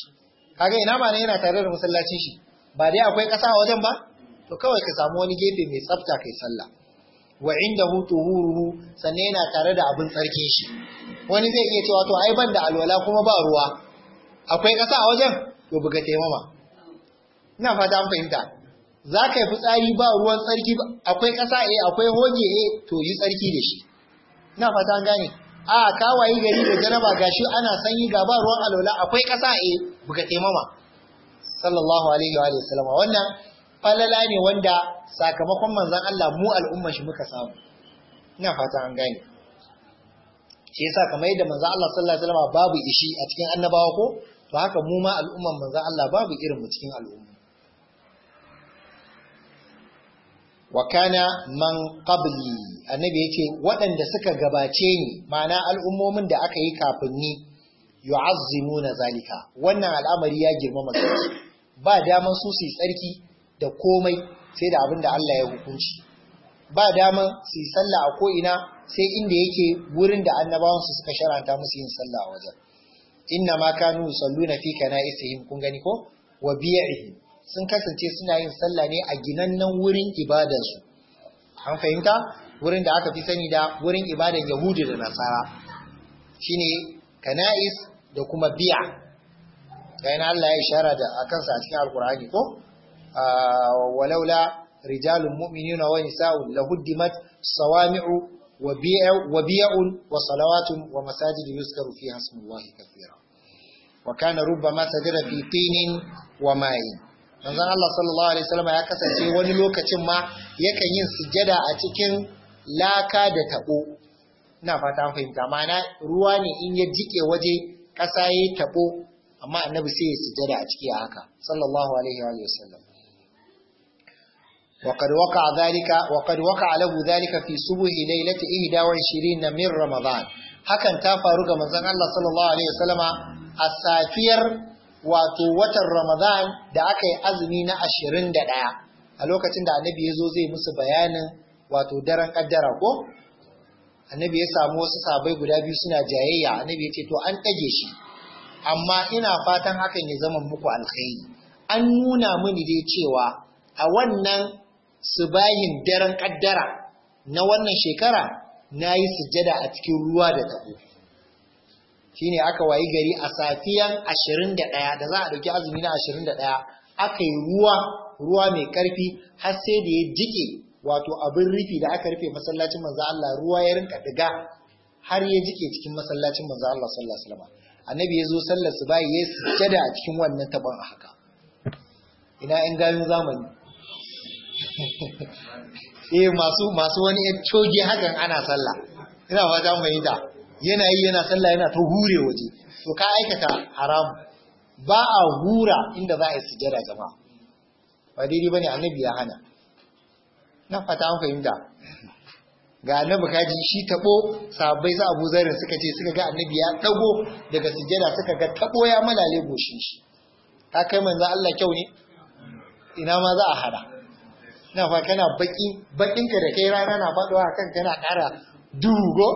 S1: kaga ina ba ne yana tare da masallacin shi ba dai akwai ƙasa a wajen ba to kawai ka samu wani gefe mai tsafta kai sallah wa hutu huruhu sannan yana tare da abin tsarkin shi wani zai iya cewa to ai ban da alwala kuma ba ruwa akwai ƙasa a wajen to buga taimama ina fata an fahimta za ka yi fitsari ba ruwan tsarki akwai ƙasa eh akwai hoge eh to yi tsarki da shi ina fata an gane a kawaye gari da jaraba gashi ana sanyi ga ba ruwan alwala akwai ƙasa eh buga taimama sallallahu alaihi wa sallam wannan falala ne wanda sakamakon manzan Allah mu al'umma shi muka samu ina fata an gane shi yasa kamar yadda manzan Allah sallallahu alaihi wasallam babu ishi a cikin annabawa ko to haka mu ma al'umman manzan Allah babu irin mu cikin al'umma wa kana man qabli annabi ce, waɗanda suka gabace ni ma'ana al'ummomin da aka yi kafin ni na zalika wannan al'amari ya girmama masu ba damar su su yi tsarki da komai sai da abin da Allah ya hukunci ba daman su yi sallah a ko'ina sai inda yake wurin da annabawansu suka sharanta musu yin sallah a wajen inna ma kanu na fi yin kun gani ko wa bi'ihim sun kasance suna yin sallah ne a ginannen wurin ibadansu an fahimta wurin da aka fi sani da wurin ibadan Yahudu da nasara shine kana'is da kuma biya kayan Allah ya ishara da akansa a cikin alkur'ani ko walaula rijalun mu'minuna wa nisa'un lahuddimat sawami'u wa biya'un wa salawatun wa masajidu yuzkaru fiha ismullahi kathira wa kana rubbama sajada fi tinin wa ma'in manzon Allah sallallahu alaihi wasallam ya kasance wani lokacin ma yakan yi sujada a cikin laka da tabo ina fata fahimta mana ruwa ne in ya jike waje ƙasa ya tabo amma annabi sai ya sujjada a ciki haka sallallahu alaihi wasallam وقد وقع ذلك وقد وقع له ذلك في صبح ليلة 21 من رمضان hakan ta faru ga manzon Allah sallallahu alaihi wasallama a safiyar watan Ramadan da aka yi azumi na 21 a lokacin da annabi ya zo zai musu bayanin wato daren ƙaddara ko annabi ya samu wasu sabai guda biyu suna jayayya annabi ya ce to an ɗage shi amma ina fatan hakan ya zama muku alkhairi an nuna mani dai cewa a wannan Su bayin daren kaddara na wannan shekara na yi sujjada a cikin ruwa da tabo shi ne aka wayi gari a safiyan 21 da za a ɗauki azumi na 21 aka yi ruwa ruwa mai ƙarfi har sai da ya jike wato abin rufi da aka rufe masallacin manzo Allah ruwa ya rinka diga har ya jike cikin masallacin manzo Allah sallallahu alaihi wasallam annabi ya zo sallar su bayi ya sujada a cikin wannan tabon a haka ina in gamin zamani eh masu masu wani coge hakan ana sallah ina fata mu yi yana yi yana sallah yana ta hure waje to ka aikata haram ba a hura inda za a yi sujjada jama'a ba daidai bane annabi ya hana na fata an fahimta ga annabi kaji shi tabo sabai su Abu Zarin suka ce suka ga annabi ya dago daga sujjada suka ga tabo ya malale goshin shi ta kai manzo Allah kyau ne ina ma za a hada na fa kana baƙin ka da kai rana na faɗuwa kan kana ƙara dugo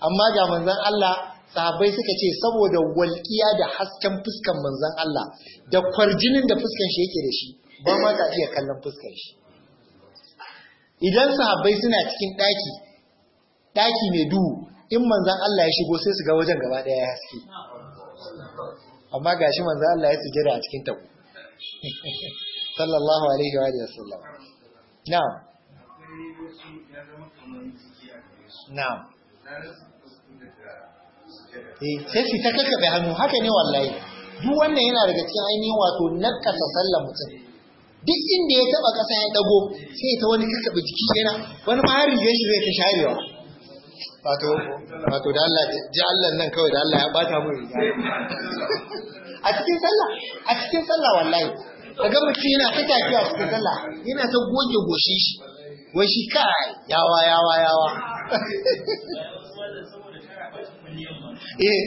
S1: amma ga manzon Allah sahabbai suka ce saboda walƙiya da hasken fuskan manzon Allah da kwarjinin da fuskan shi yake da shi ba ma ka iya kallon fuskan shi idan sahabbai suna cikin ɗaki ɗaki mai duhu in manzon Allah ya shigo sai su ga wajen gaba ɗaya ya haske amma gashi manzon Allah ya gira a cikin tabo sallallahu alaihi wa sallam Now. Now. eh sai su ta kakkabe hannu haka ne wallahi duk wannan yana daga cikin ainihin wato nakasa sallar mutum duk inda ya taba kasa ya dago sai ta wani kakkabe jiki yana wani ma har rigar shi zai ta sharewa wato wato da Allah ji Allah nan kawai da Allah ya bata mu riga a cikin sallah a cikin sallah wallahi kaga mutum yana ta tafiya cikin sallah yana ta goge goshi shi yawa yawa yawa eh.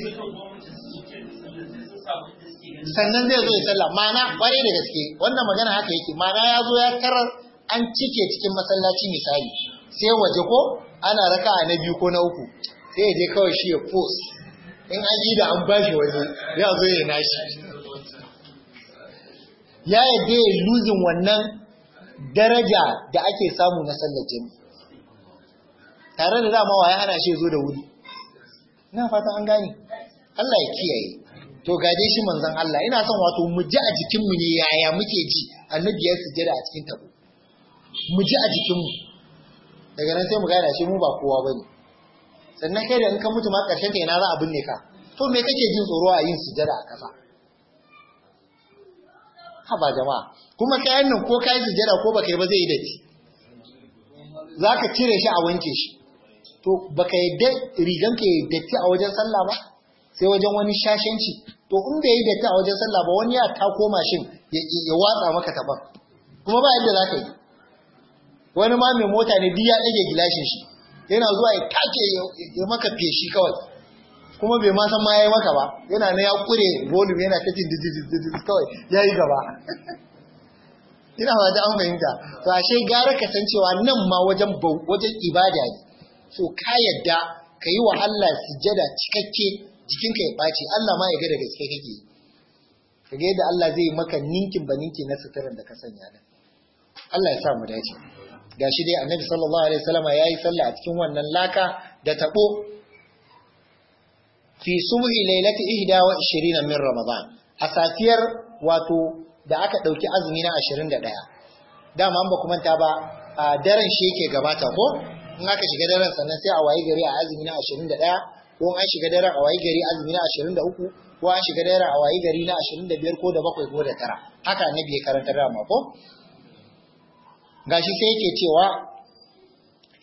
S1: sannan zai zo ya sallah mana kware da gaske wannan magana haka yake mana ya zo ya karar an cike cikin masallaci misali sai waje ko ana raka na biyu ko na uku sai ya je kawai shi ya post in an yi da an bashi waje ya zo ya nashi ya yadda ya luzin wannan daraja da ake samu na sallar jami'i tare da dama wa ya hana shi zo da wuri ina fata an gane Allah ya kiyaye to gaje shi manzon Allah ina son wato mu ji a jikin mu ne yaya muke ji annabi ya sujjada a cikin tabo mu ji a jikin mu daga nan sai mu gane shi mu ba kowa bane sannan kai da in ka mutu ma karshen ka za a binne ka to me kake jin tsoro a yin sujjada a kasa haba jama'a kuma kayan nan ko kai sujada ko baka yi ba zai yi datti zaka cire shi a wanke shi to baka yadda rigan ka yi datti a wajen sallah ba sai wajen wani shashanci to in da yi datti a wajen sallah ba wani ya tako mashin ya watsa maka taban kuma ba yadda zaka yi wani ma mai mota ne duk ya ɗage gilashin shi yana zuwa ya take ya maka feshi kawai kuma bai ma san ma yayi maka ba yana na ya kure volume yana ta jin kawai yayi gaba ina ba da an fahimta to ashe gara ka san cewa nan ma wajen wajen ibada ne so ka yadda ka yi wa Allah sujjada cikakke jikinka ya ɓaci Allah ma ya ga da gaske kake ka da Allah zai yi maka ninkin ba ninki na sutaran da ka sanya da Allah ya sa mu dace gashi dai annabi sallallahu alaihi wasallama yayi sallah a cikin wannan laka da tabo fi subhi lailati ihda wa ishirina min ramadan a safiyar wato da aka ɗauki azumi na ashirin da ɗaya dama an ba ku manta ba a daren shi yake gabata ko in aka shiga daren sannan sai a wayi gari a azumi na ashirin da ɗaya ko an shiga daren a wayi gari azumi na ashirin da uku ko an shiga daren a wayi gari na ashirin da biyar ko da bakwai ko da tara haka annabi ya karanta dama ko gashi sai yake cewa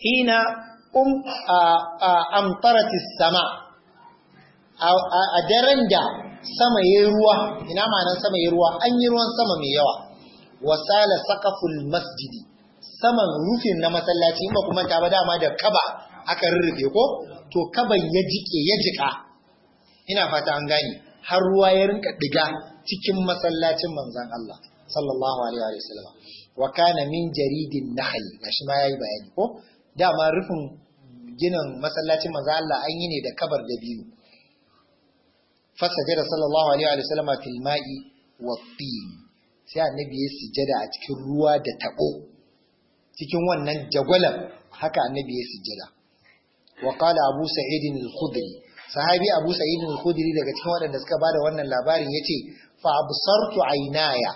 S1: hina um amtaratis sama' a daren da sama yi ruwa ina ma'anar sama ya ruwa an yi ruwan sama mai yawa wasala sakaful masjidi saman rufin na masallaci in ba kuma ta ba dama da kaba aka rurrufe ko to kaba ya jike ya jika ina fata an gane har ruwa ya rinka diga cikin masallacin manzan Allah sallallahu alaihi wa sallam wa kana min jaridin nahl shi ma yayi bayani ko dama rufin ginin masallacin manzan Allah an yi ne da kabar da biyu fasajada sallallahu alaihi wa sallama fil ma'i wa sai annabi ya sujada a cikin ruwa da tabo cikin wannan jagwalan haka annabi ya sujada wa qala abu sa'id al-khudri sahabi abu sa'id al-khudri daga cikin waɗanda suka bada wannan labarin yace fa absartu aynaya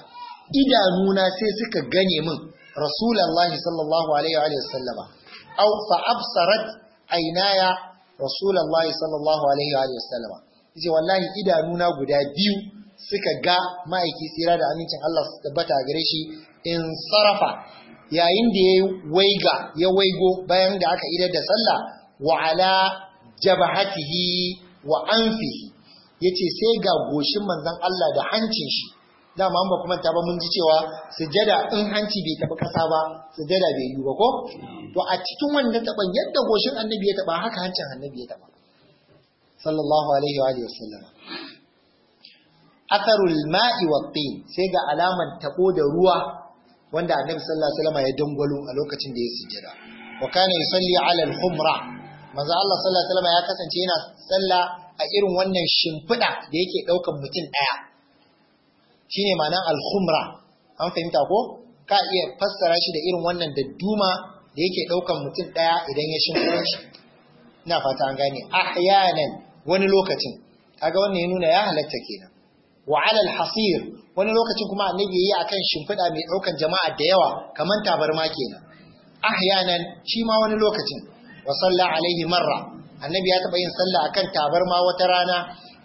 S1: idanuna sai suka gane min rasulullahi sallallahu alaihi wa sallama aw fa absarat aynaya rasulullahi sallallahu alaihi wa sallama yace wallahi idanuna guda biyu suka ga ma'aiki tsira da amincin Allah su tabbata gare shi in sarafa yayin da ya waiga ya waigo bayan da aka idar da sallah wa ala jabhatihi wa anfihi yace sai ga goshin manzon Allah da hancin shi dama an ba kuma ta ba mun ji cewa sujada in hanci bai taba kasa ba sujada bai yi ba ko to a cikin wannan taban yadda goshin annabi ya taba haka hancin annabi ya taba sallallahu alaihi wa alihi wasallam atharul ma'i wa sai ga alaman taɓo da ruwa wanda annabi sallallahu alaihi wasallam ya dangwalo a lokacin da ya sujjada wa kana yusalli ala al-humra Allah sallallahu alaihi wasallam ya kasance yana sallah a irin wannan shimfida da yake daukan mutum an fahimta ko ka iya fassara shi da irin wannan da duma da yake ɗaukan mutum ɗaya idan ya shimfida shi ina fata an gane ahyanan wani lokacin kaga wannan ya nuna ya halatta kenan wa alal hasir wani lokacin kuma annabi yayi akan shimfiɗa mai ɗaukan jama'a da yawa kaman tabarma kenan ahyanan shi ma wani lokacin wa salla alaihi marra annabi ya taɓa yin sallah akan tabarma wata rana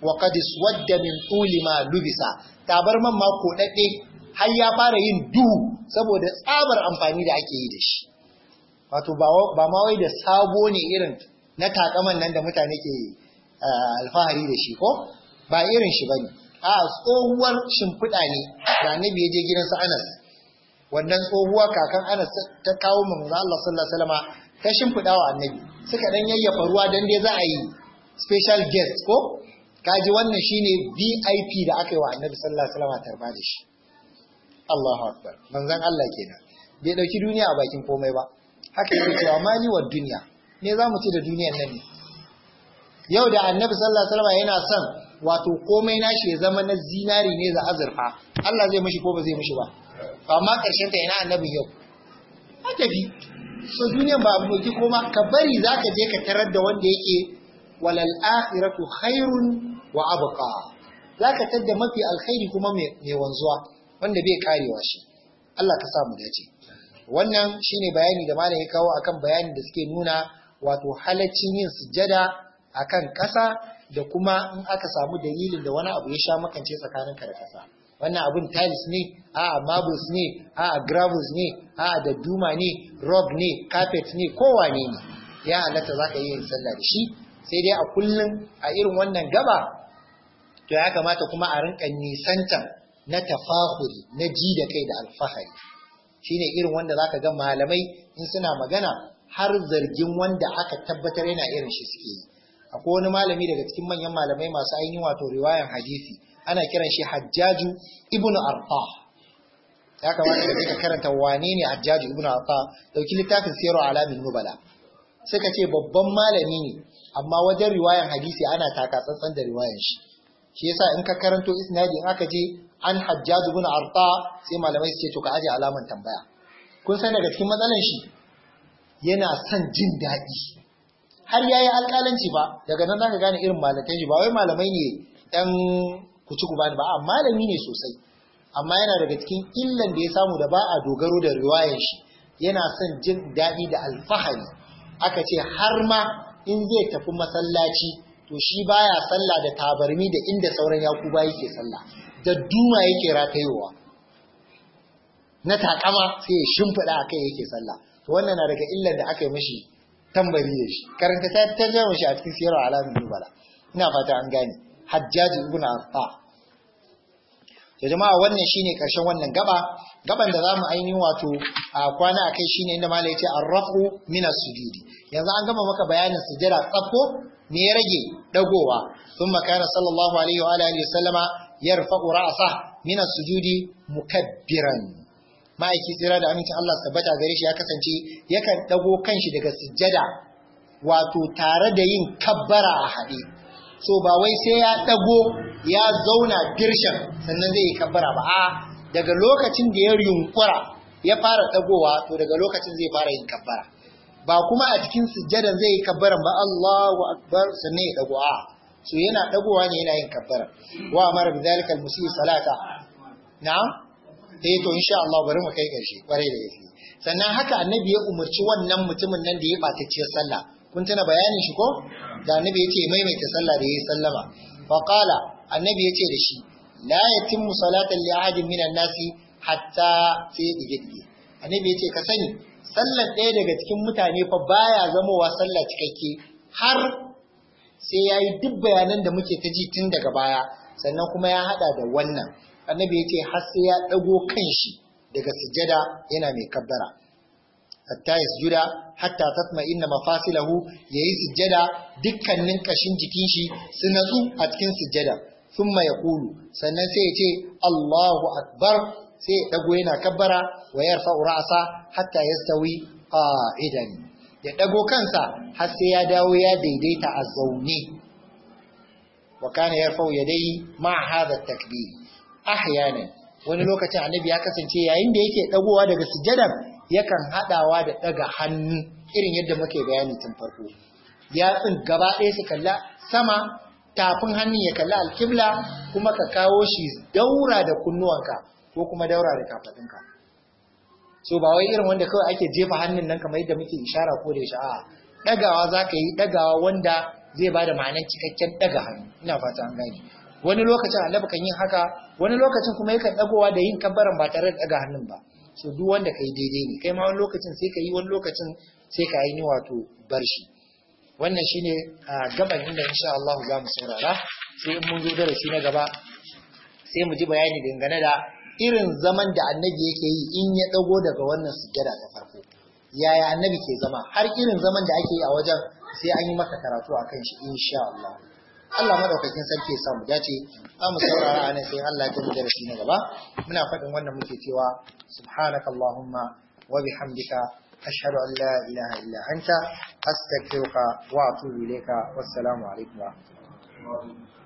S1: wa qad swadda min tuli ma lubisa tabarman ma ko dade har ya fara yin duhu saboda tsabar amfani da ake yi da shi wato ba ma wai da sabo ne irin na takaman nan da mutane ke yi Eh, alfahari da shi ko ba irin shi bane a tsohuwar shimfiɗa ne da annabi ya je gidan su Anas wannan tsohuwa kakan Anas ta kawo mun manzo Allah sallallahu alaihi wasallam ta shimfiɗa wa annabi suka dan yayyafa ruwa dan dai za a yi special guest ko kaji wannan shine VIP da aka yi wa annabi sallallahu alaihi wasallam tarba da shi Allahu akbar manzon Allah kenan bai dauki duniya a bakin komai ba haka yake cewa mali wa duniya ne za mu ci da duniyar nan ne yau da annabi sallallahu alaihi wasallam yana son wato komai nashi ya zama na zinari ne za azurfa Allah zai mishi ko ba zai mishi ba amma karshen ta yana annabin yau haka bi so duniyan ba abu ki koma ka bari zaka je ka tarar da wanda yake walal akhiratu khairun wa abqa zaka tadda mafi alkhairi kuma mai wanzuwa wanda bai karewa shi Allah ka samu dace wannan shine bayani da malam ya kawo akan bayani da suke nuna wato halaccin yin sujjada akan ƙasa da kuma in aka samu dalilin da wani abu ya sha makance tsakaninka da ƙasa wannan abun tiles ne a'a marbles ne a'a gravels ne a'a da duma ne rock ne carpet ne kowane ne ya halatta za ka yi yin sallah da shi sai dai a kullum a irin wannan gaba to ya kamata kuma a rinka nisantan na tafahuri na ji da kai da alfahari shine irin wanda za ka ga malamai in suna magana har zargin wanda aka tabbatar yana irin shi suke yi akwai wani malami daga cikin manyan malamai masu ainihin wato riwayan hadisi ana kiran shi hajjaju ibn arfa ya kamata da ka karanta wane ne hajjaju ibn arfa dauki littafin siyaru alamin nubala suka ce babban malami ne amma wajen riwayan hadisi ana taka tsantsan da riwayan shi shi yasa in ka karanto isnadin aka je an Hajjaju ibn arfa sai malamai su ce to ka aje alaman tambaya kun san daga cikin matsalan shi yana son jin daɗi har ya yi alƙalanci ba daga nan zaka gane irin malakai shi ba wai malamai ne ɗan kuci ku bani ba a malami ne sosai amma yana daga cikin illan da ya samu da ba a dogaro da riwayar shi yana son jin daɗi da alfahari aka ce har ma in zai tafi masallaci to shi baya sallah da tabarmi da inda sauran yakuba yake sallah da duma yake ratayowa na takama sai ya shimfiɗa a kai yake sallah to wannan na daga illar da aka yi mishi tambari shi karanta ta tarjama shi a cikin siyarwa alamin nubala ina fata an gane hajjaji ibn arfa to jama'a wannan shine karshen wannan gaba gaban da zamu ainihin wato a kwana akai shine inda malai yace arrafu min as-sujudi yanzu an gama maka bayanin sujada tsafko me ya rage dagowa thumma kana sallallahu alaihi wa alihi wasallama yarfa'u ra'sa min as-sujudi mukabbiran ma'aiki tsira da amincin Allah tabbata gare shi ya kasance yakan dago kanshi daga sujjada wato tare da yin kabbara a haɗe so ba wai sai ya dago ya zauna dirshan sannan zai yi kabbara ba a daga lokacin da ya yunkura ya fara dagowa to daga lokacin zai fara yin kabbara ba kuma a cikin sujjadan zai yi kabbaran ba Allahu akbar sannan ya dago a so yana dagowa ne yana yin kabbara wa amara bi zalika al-musii salata na'am Sai eh to insha Allah bari mu kai ƙarshe kwarai da gaske sannan haka annabi ya umarci wannan mutumin nan da ya ce sallah kun tana bayanin shi ko da annabi ya ce maimaita sallah da ya yi sallama faƙala annabi yace da shi la yatimmu salatan li ahadin minan nasi hatta sai dige dige annabi ya ka sani sallar ɗaya daga cikin mutane fa baya zamowa sallah cikakke har sai yayi yi duk bayanan da muke ta ji tun daga baya sannan kuma ya haɗa da wannan annabi ya ce har sai ya ɗago kanshi daga sujada yana mai kabbara hatta ya sujuda hatta tatma inna mafasilahu ya yi sujada dukkanin ƙashin jikin shi su natsu a cikin sujada sun ya kulu sannan sai ya ce Allahu akbar sai ya ɗago yana kabbara wa yarfa ra'asa hatta ya stawi idani ya ɗago kansa har sai ya dawo ya daidaita a zaune wa kana yarfau yadayhi ma hadha takbir ahyana wani lokacin annabi ya kasance yayin da yake dagowa daga sujada yakan hadawa da daga hannu irin yadda muke bayani tun farko yatsun gaba ɗaya su kalla sama tafin hannun ya kalla alkibla kuma ka kawo shi daura da kunnuwanka ko kuma daura da kafadinka so ba wai irin wanda kawai ake jefa hannun nan kamar yadda muke ishara ko da shi a'a dagawa zaka yi dagawa wanda zai bada ma'anar cikakken daga hannu ina fata an gane wani lokacin annabi kan yi haka wani lokacin kuma yakan dagowa da yin kabbaran ba tare da daga hannun ba so duk wanda kai daidai ne kai ma wani lokacin sai ka yi wani lokacin sai ka yi ni wato bar shi wannan shine gaban inda insha Allah za mu saurara sai in mun zo darasi na gaba sai mu ji bayani dangane da irin zaman da annabi yake yi in ya dago daga wannan sujada ta farko yaya annabi ke zama har irin zaman da ake yi a wajen sai an yi maka karatu akan shi insha Allah Allah madaukakin sarki ya samu dace za mu saurara anan sai Allah ya tabbata da na gaba muna faɗin wannan muke cewa subhanakallahumma wa bihamdika ashhadu an la ilaha illa anta astaghfiruka wa atubu ilayka wassalamu alaikum wa rahmatullahi